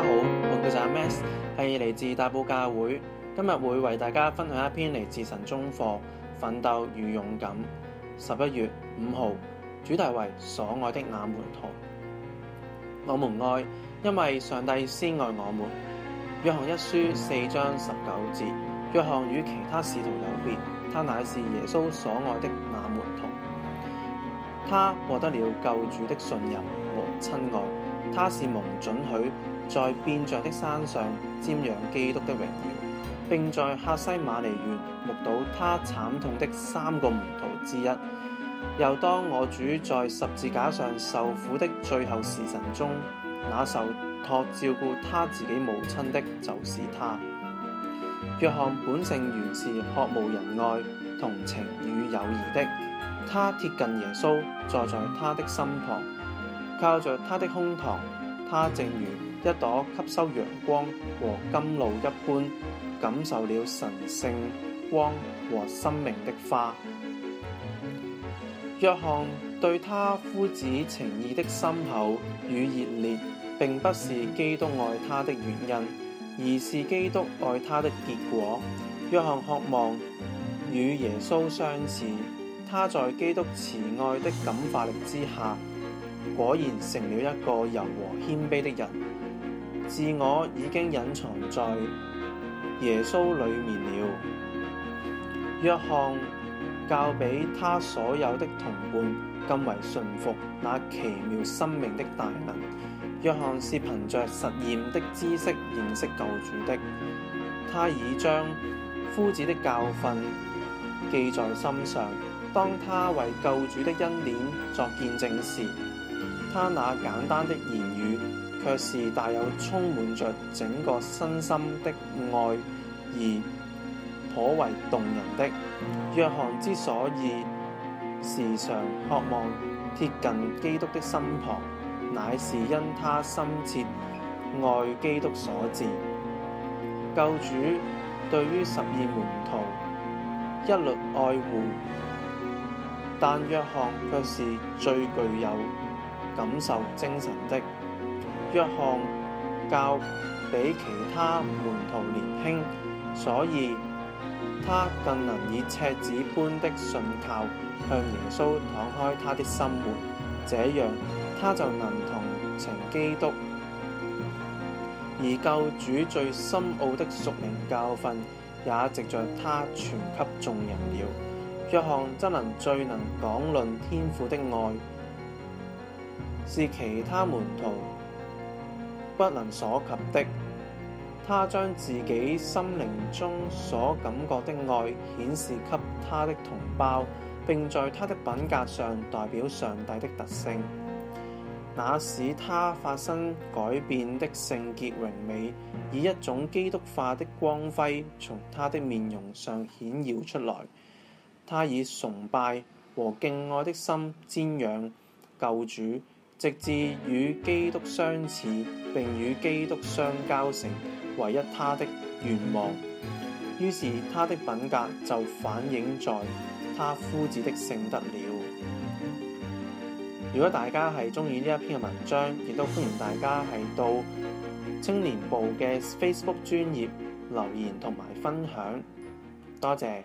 大家好，我叫做阿 Max，係嚟自大埔教會，今日會為大家分享一篇嚟自神中課《奮鬥與勇敢》，十一月五號，主題為所愛的那門徒。我們愛，因為上帝先愛我們。約翰一書四章十九節，約翰與其他使徒有別，他乃是耶穌所愛的那門徒，他獲得了救主的信任和親愛。.他是蒙准許在變像的山上瞻仰基督的榮耀，並在客西馬尼園目睹他慘痛的三個門徒之一。又當我主在十字架上受苦的最後時辰中，那受託照顧他自己母親的就是他。約翰本性原是渴慕仁愛、同情與友誼的，他貼近耶穌，坐在他的身旁。靠着他的胸膛，他正如一朵吸收陽光和甘露一般，感受了神聖光和生命的花。約翰對他夫子情義的深厚與熱烈，並不是基督愛他的原因，而是基督愛他的結果。約翰渴望與耶穌相似，他在基督慈愛的感化力之下。果然成了一個柔和謙卑的人，自我已經隱藏在耶穌裏面了。約翰教畀他所有的同伴更為信服那奇妙生命的大能。約翰是憑着實驗的知識認識救主的，他已將夫子的教訓記在心上。當他為救主的恩典作見證時。他那簡單的言語，卻是帶有充滿着整個身心的愛而頗為動人的。約翰之所以時常渴望貼近基督的身旁，乃是因他深切愛基督所致。救主對於十二門徒一律愛護，但約翰卻是最具有。感受精神的約翰較比其他門徒年輕，所以他更能以赤子般的信靠向耶穌，敞開他的心門。這樣他就能同情基督，而救主最深奧的屬靈教訓也藉著他傳給眾人了。約翰真能最能講論天父的愛，是其他門徒不能所及的。他將自己心靈中所感覺的愛顯示給他的同胞，並在他的品格上代表上帝的特性。那使他發生改變的聖潔榮美，以一種基督化的光輝從他的面容上顯耀出來。他以崇拜和敬愛的心瞻仰救主。直至與基督相似，並與基督相交成唯一他的願望。於是他的品格就反映在他夫子的聖德了。如果大家係鍾意呢一篇嘅文章，亦都歡迎大家係到青年部嘅 Facebook 專頁留言同埋分享。多謝。